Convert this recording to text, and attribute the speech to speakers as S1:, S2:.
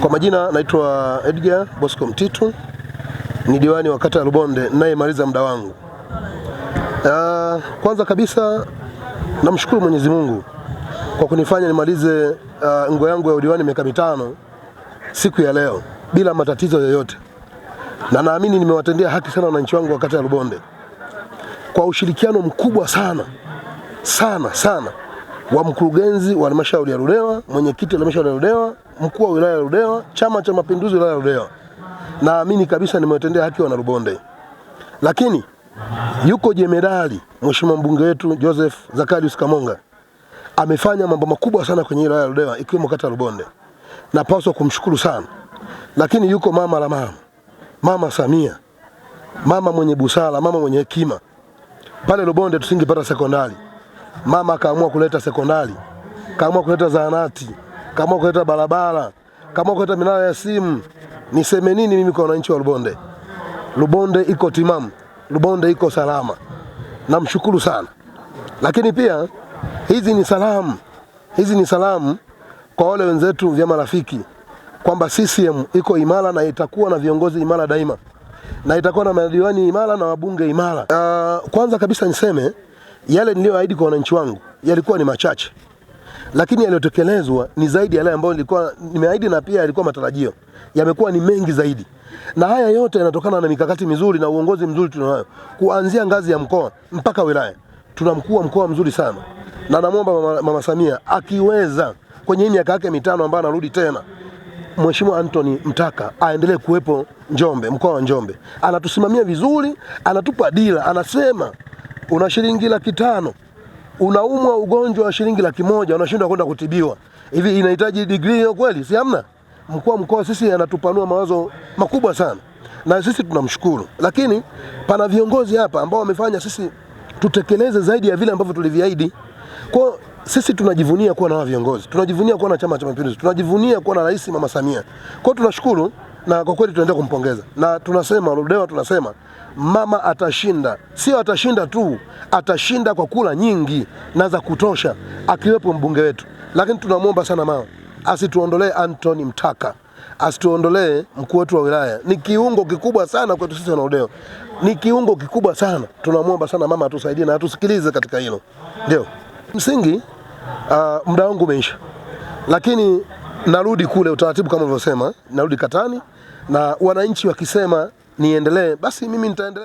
S1: Kwa majina naitwa Edgar Bosco Mtitu, ni diwani wa kata ya Lubonde nayemaliza muda wangu. Uh, kwanza kabisa namshukuru Mwenyezi Mungu kwa kunifanya nimalize uh, ngo yangu ya udiwani miaka mitano siku ya leo bila matatizo yoyote, na naamini nimewatendea haki sana wananchi wangu wa kata ya Lubonde kwa ushirikiano mkubwa sana sana sana wa mkurugenzi wa halmashauri ya Ludewa, mwenyekiti wa halmashauri ya Ludewa, mkuu wa wilaya ya Ludewa, Chama cha Mapinduzi wilaya ya Ludewa. Naamini kabisa nimewatendea haki wana Lubonde, lakini yuko jenerali mheshimiwa mbunge wetu Joseph Zakarius Kamonga amefanya mambo makubwa sana kwenye wilaya ya Ludewa ikiwemo kata ya Lubonde, napaswa kumshukuru sana. Lakini yuko mama la mama, mama Samia, mama mwenye busara, mama mwenye hekima. Pale Rubonde tusingepata sekondari mama akaamua kuleta sekondari, kaamua kuleta zahanati, kaamua kuleta barabara, kaamua kuleta minara ya simu. Niseme nini mimi kwa wananchi wa Lubonde? Lubonde iko timamu, Lubonde iko salama, namshukuru sana. Lakini pia hizi ni salamu, hizi ni salamu kwa wale wenzetu vya marafiki kwamba CCM iko imara na itakuwa na viongozi imara daima na itakuwa na madiwani imara na wabunge imara. Uh, kwanza kabisa niseme yale niliyoahidi kwa wananchi wangu yalikuwa ni machache, lakini yaliyotekelezwa ni zaidi yale ambayo nilikuwa nimeahidi, na pia yalikuwa matarajio, yamekuwa ni mengi zaidi. Na haya yote yanatokana na mikakati mizuri na uongozi mzuri tunayo, kuanzia ngazi ya mkoa mpaka wilaya. Tuna mkuu wa mkoa mzuri sana, na namwomba mama, mama Samia akiweza kwenye hii miaka yake mitano ambayo anarudi tena Mheshimiwa Anthony Mtaka aendelee kuwepo Njombe, mkoa wa Njombe. Anatusimamia vizuri, anatupa dira, anasema una shilingi laki tano unaumwa ugonjwa wa shilingi laki moja unashindwa kwenda kutibiwa. Hivi inahitaji digrii hiyo kweli? Si hamna. Mkuu wa mkoa sisi anatupanua mawazo makubwa sana, na sisi tunamshukuru, lakini pana viongozi hapa ambao wamefanya sisi tutekeleze zaidi ya vile ambavyo tuliviahidi. Kwa sisi tunajivunia kuwa na viongozi, tunajivunia kuwa na Chama cha Mapinduzi, tunajivunia kuwa na Rais Mama Samia. Kwa tunashukuru na kwa kweli tunaendelea kumpongeza na tunasema Ludewa, tunasema mama atashinda, sio atashinda tu, atashinda kwa kula nyingi na za kutosha, akiwepo mbunge wetu. Lakini tunamwomba sana mama asituondolee Anthony Mtaka, asituondolee mkuu wetu wa wilaya. Ni kiungo kikubwa sana kwetu sisi Ludewa, ni kiungo kikubwa sana. Tunamwomba sana mama atusaidie na atusikilize katika hilo. Ndio msingi. Uh, muda wangu umeisha, lakini narudi kule utaratibu kama ulivyosema, narudi Katani na wananchi wakisema niendelee, basi mimi nitaendelea.